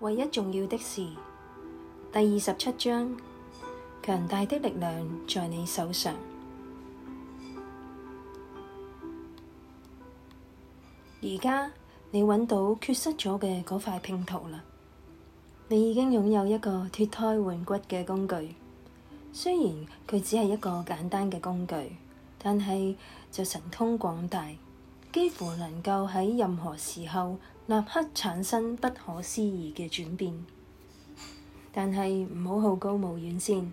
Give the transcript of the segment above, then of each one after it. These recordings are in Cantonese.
唯一重要的事，第二十七章：強大的力量在你手上。而家你搵到缺失咗嘅嗰塊拼圖啦，你已經擁有一個脫胎換骨嘅工具。雖然佢只係一個簡單嘅工具，但係就神通廣大，幾乎能夠喺任何時候。立刻產生不可思議嘅轉變，但係唔好好高騖遠先。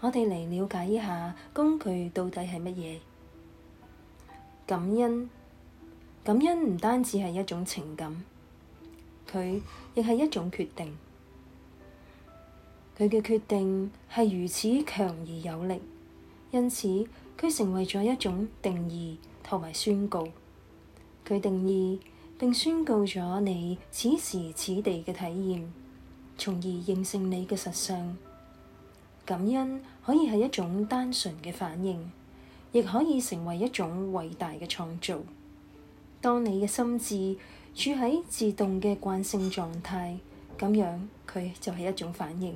我哋嚟了解一下工具到底係乜嘢？感恩，感恩唔單止係一種情感，佢亦係一種決定。佢嘅決定係如此強而有力，因此佢成為咗一種定義同埋宣告。佢定義。並宣告咗你此時此地嘅體驗，從而形成你嘅實相。感恩可以係一種單純嘅反應，亦可以成為一種偉大嘅創造。當你嘅心智處喺自動嘅慣性狀態，咁樣佢就係一種反應；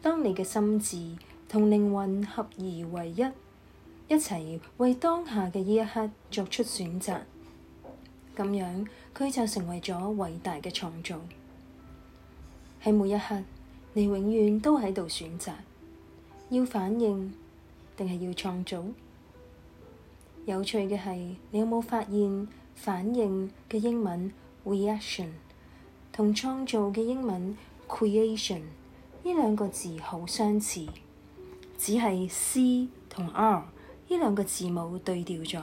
當你嘅心智同靈魂合而為一，一齊為當下嘅呢一刻作出選擇。咁樣佢就成為咗偉大嘅創造。喺每一刻，你永遠都喺度選擇要反應定係要創造。有趣嘅係，你有冇發現反應嘅英文 reaction 同創造嘅英文 creation 呢兩個字好相似，只係 c 同 r 呢兩個字母對調咗。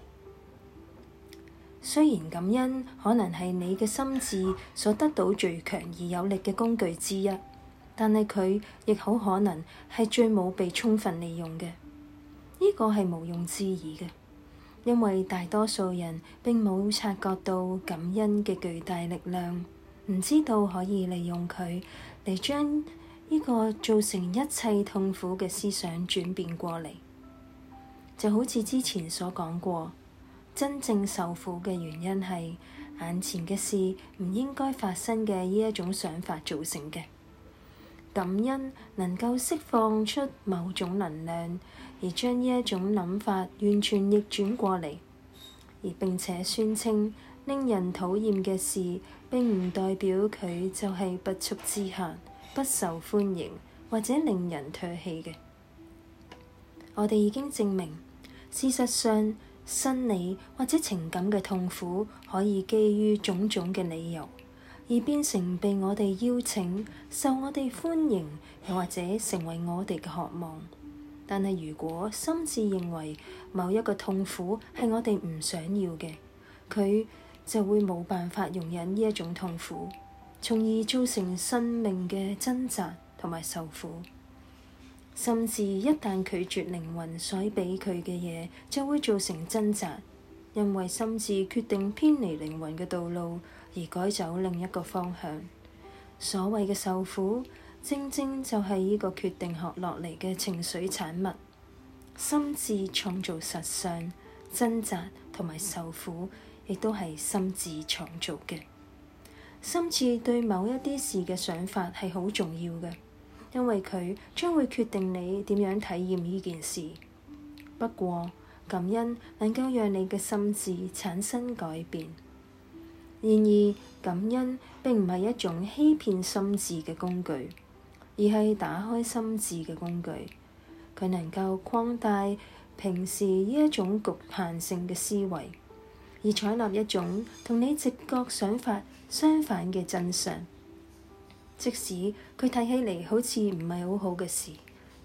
雖然感恩可能係你嘅心智所得到最強而有力嘅工具之一，但係佢亦好可能係最冇被充分利用嘅。呢個係毋庸置疑嘅，因為大多數人並冇察覺到感恩嘅巨大力量，唔知道可以利用佢嚟將呢個造成一切痛苦嘅思想轉變過嚟。就好似之前所講過。真正受苦嘅原因係眼前嘅事唔應該發生嘅呢一種想法，造成嘅。感恩能夠釋放出某種能量，而將呢一種諗法完全逆轉過嚟，而並且宣稱令人討厭嘅事並唔代表佢就係不速之客、不受歡迎或者令人唾棄嘅。我哋已經證明，事實上。心理或者情感嘅痛苦，可以基於種種嘅理由，而變成被我哋邀請、受我哋歡迎，又或者成為我哋嘅渴望。但係如果心智認為某一個痛苦係我哋唔想要嘅，佢就會冇辦法容忍呢一種痛苦，從而造成生命嘅掙扎同埋受苦。甚至一旦拒絕靈魂所俾佢嘅嘢，就會造成掙扎，因為心智決定偏離靈魂嘅道路，而改走另一個方向。所謂嘅受苦，正正就係呢個決定學落嚟嘅情緒產物。心智創造實相，掙扎同埋受苦，亦都係心智創造嘅。心智對某一啲事嘅想法係好重要嘅。因為佢將會決定你點樣體驗呢件事。不過，感恩能夠讓你嘅心智產生改變。然而，感恩並唔係一種欺騙心智嘅工具，而係打開心智嘅工具。佢能夠擴大平時呢一種局限性嘅思維，而採納一種同你直覺想法相反嘅真相。即使佢睇起嚟好似唔係好好嘅事，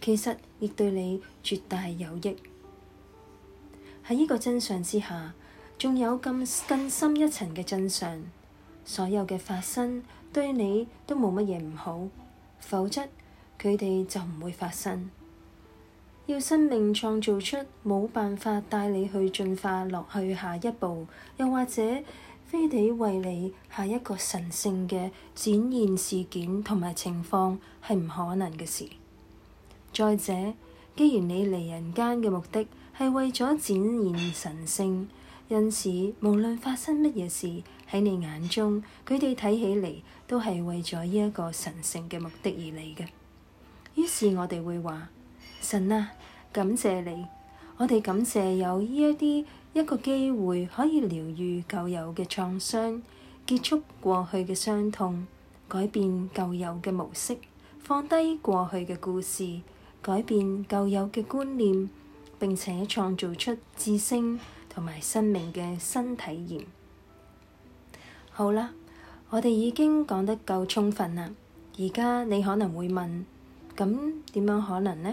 其實亦對你絕大有益。喺呢個真相之下，仲有咁更深一層嘅真相：所有嘅發生對你都冇乜嘢唔好，否則佢哋就唔會發生。要生命創造出冇辦法帶你去進化落去下一步，又或者。非得為你下一個神性嘅展現事件同埋情況係唔可能嘅事。再者，既然你嚟人間嘅目的係為咗展現神性，因此無論發生乜嘢事喺你眼中，佢哋睇起嚟都係為咗呢一個神性嘅目的而嚟嘅。於是，我哋會話：神啊，感謝你，我哋感謝有呢一啲。一個機會可以療愈舊有嘅創傷，結束過去嘅傷痛，改變舊有嘅模式，放低過去嘅故事，改變舊有嘅觀念，並且創造出自信同埋生命嘅新體驗。好啦，我哋已經講得夠充分啦。而家你可能會問：咁點樣可能呢？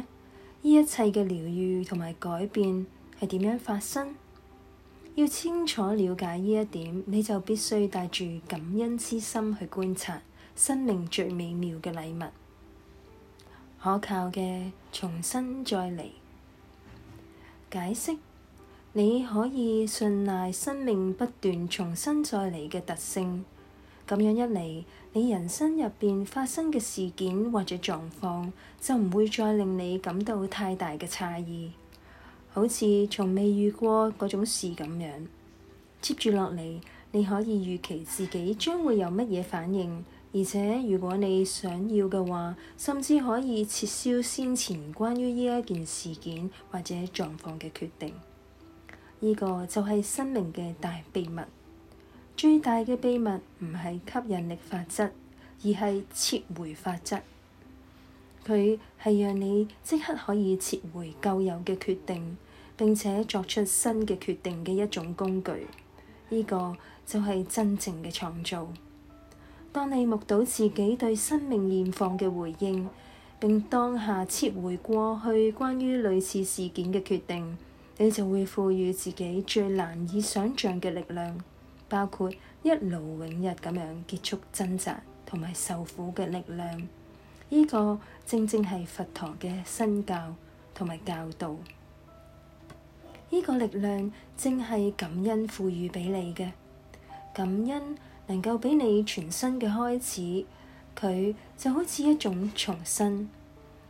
呢一切嘅療愈同埋改變係點樣發生？要清楚了解呢一點，你就必須帶住感恩之心去觀察生命最美妙嘅禮物，可靠嘅重新再嚟解釋。你可以信賴生命不斷重新再嚟嘅特性，咁樣一嚟，你人生入邊發生嘅事件或者狀況就唔會再令你感到太大嘅差異。好似從未遇過嗰種事咁樣。接住落嚟，你可以預期自己將會有乜嘢反應，而且如果你想要嘅話，甚至可以撤銷先前關於呢一件事件或者狀況嘅決定。呢個就係生命嘅大秘密。最大嘅秘密唔係吸引力法則，而係撤回法則。佢係讓你即刻可以撤回舊有嘅決定，並且作出新嘅決定嘅一種工具。呢個就係真正嘅創造。當你目睹自己對生命現況嘅回應，並當下撤回過去關於類似事件嘅決定，你就會賦予自己最難以想像嘅力量，包括一勞永逸咁樣結束掙扎同埋受苦嘅力量。呢個正正係佛陀嘅身教同埋教導，呢個力量正係感恩賦予畀你嘅感恩，能夠畀你全新嘅開始。佢就好似一種重生，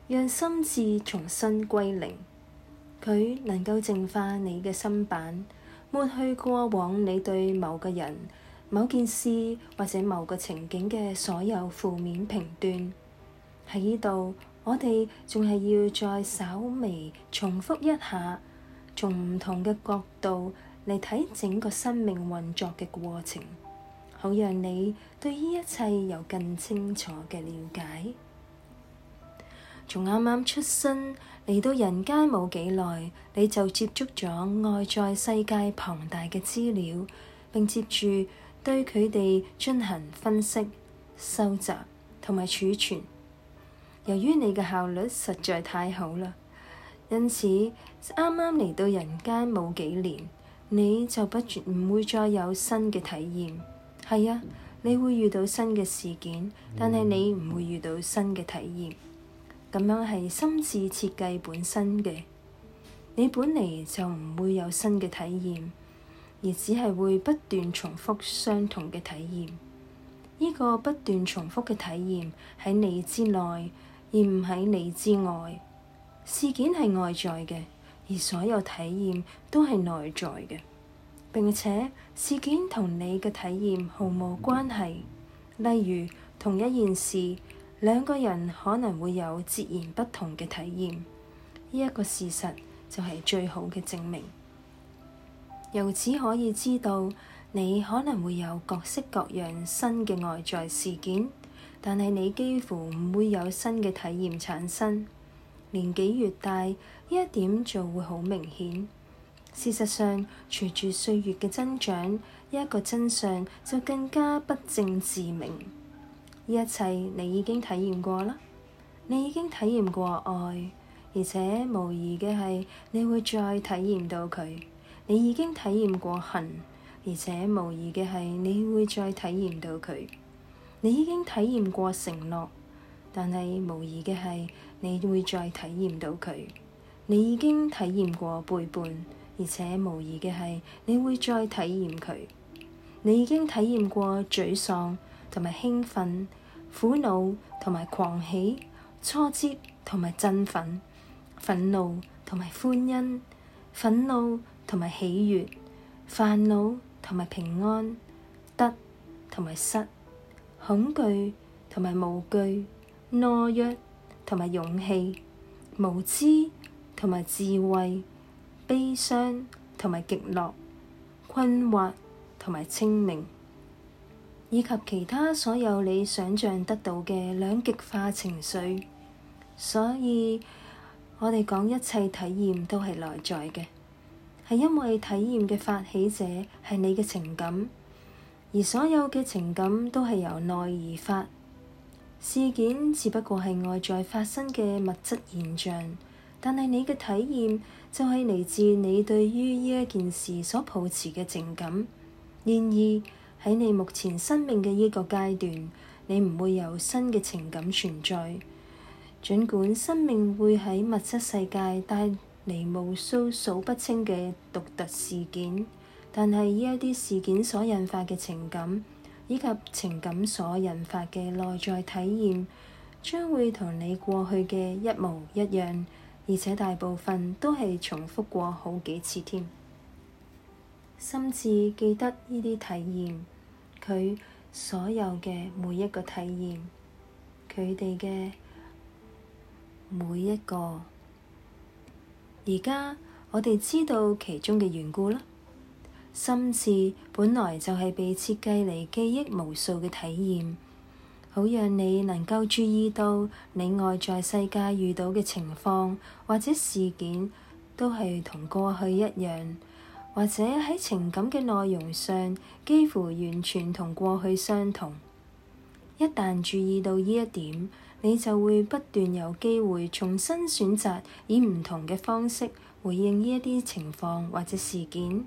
讓心智重新歸零。佢能夠淨化你嘅心板，抹去過往你對某個人、某件事或者某個情景嘅所有負面評斷。喺呢度，我哋仲係要再稍微重複一下，從唔同嘅角度嚟睇整個生命運作嘅過程，好讓你對呢一切有更清楚嘅了解。從啱啱出生嚟到人間冇幾耐，你就接觸咗外在世界龐大嘅資料，並接住對佢哋進行分析、收集同埋儲存。由於你嘅效率實在太好啦，因此啱啱嚟到人間冇幾年，你就不絕唔會再有新嘅體驗。係啊，你會遇到新嘅事件，但係你唔會遇到新嘅體驗。咁樣係心智設計本身嘅，你本嚟就唔會有新嘅體驗，而只係會不斷重複相同嘅體驗。呢個不斷重複嘅體驗喺你之內。而唔喺你之外，事件係外在嘅，而所有體驗都係內在嘅。並且事件同你嘅體驗毫無關係，例如同一件事，兩個人可能會有截然不同嘅體驗，呢一個事實就係最好嘅證明。由此可以知道，你可能會有各式各樣新嘅外在事件。但係你幾乎唔會有新嘅體驗產生。年紀越大，呢一點就會好明顯。事實上，隨住歲月嘅增長，呢一個真相就更加不證自明。呢一切你已經體驗過啦，你已經體驗過愛，而且無疑嘅係你會再體驗到佢。你已經體驗過恨，而且無疑嘅係你會再體驗到佢。你已經體驗過承諾，但係無疑嘅係，你會再體驗到佢。你已經體驗過背叛，而且無疑嘅係，你會再體驗佢。你已經體驗過沮喪同埋興奮、苦惱同埋狂喜、挫折同埋振奮、憤怒同埋歡欣、憤怒同埋喜悅、煩惱同埋平安、得同埋失。恐懼同埋無懼，懦弱同埋勇氣，無知同埋智慧，悲傷同埋極樂，困惑同埋清明，以及其他所有你想象得到嘅兩極化情緒。所以，我哋講一切體驗都係內在嘅，係因為體驗嘅發起者係你嘅情感。而所有嘅情感都係由內而發，事件只不過係外在發生嘅物質現象，但係你嘅體驗就係嚟自你對於呢一件事所抱持嘅情感。然而喺你目前生命嘅呢個階段，你唔會有新嘅情感存在，盡管生命會喺物質世界帶嚟無數數不清嘅獨特事件。但係呢一啲事件所引發嘅情感，以及情感所引發嘅內在體驗，將會同你過去嘅一模一樣，而且大部分都係重複過好幾次添，甚至記得呢啲體驗，佢所有嘅每一個體驗，佢哋嘅每一個，而家我哋知道其中嘅緣故啦。心智本來就係被設計嚟記憶無數嘅體驗，好讓你能夠注意到你外在世界遇到嘅情況或者事件都係同過去一樣，或者喺情感嘅內容上幾乎完全同過去相同。一旦注意到呢一點，你就會不斷有機會重新選擇，以唔同嘅方式回應呢一啲情況或者事件。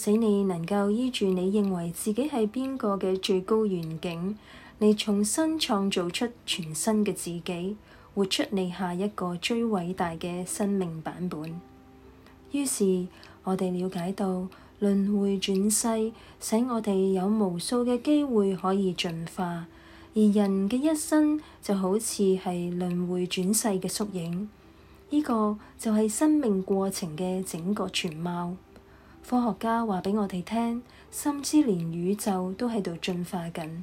使你能夠依住你認為自己係邊個嘅最高願景，你重新創造出全新嘅自己，活出你下一個最偉大嘅生命版本。於是，我哋了解到輪迴轉世，使我哋有無數嘅機會可以進化，而人嘅一生就好似係輪迴轉世嘅縮影。呢個就係生命過程嘅整個全貌。科學家話畀我哋聽，甚至連宇宙都喺度進化緊，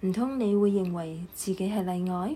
唔通你會認為自己係例外？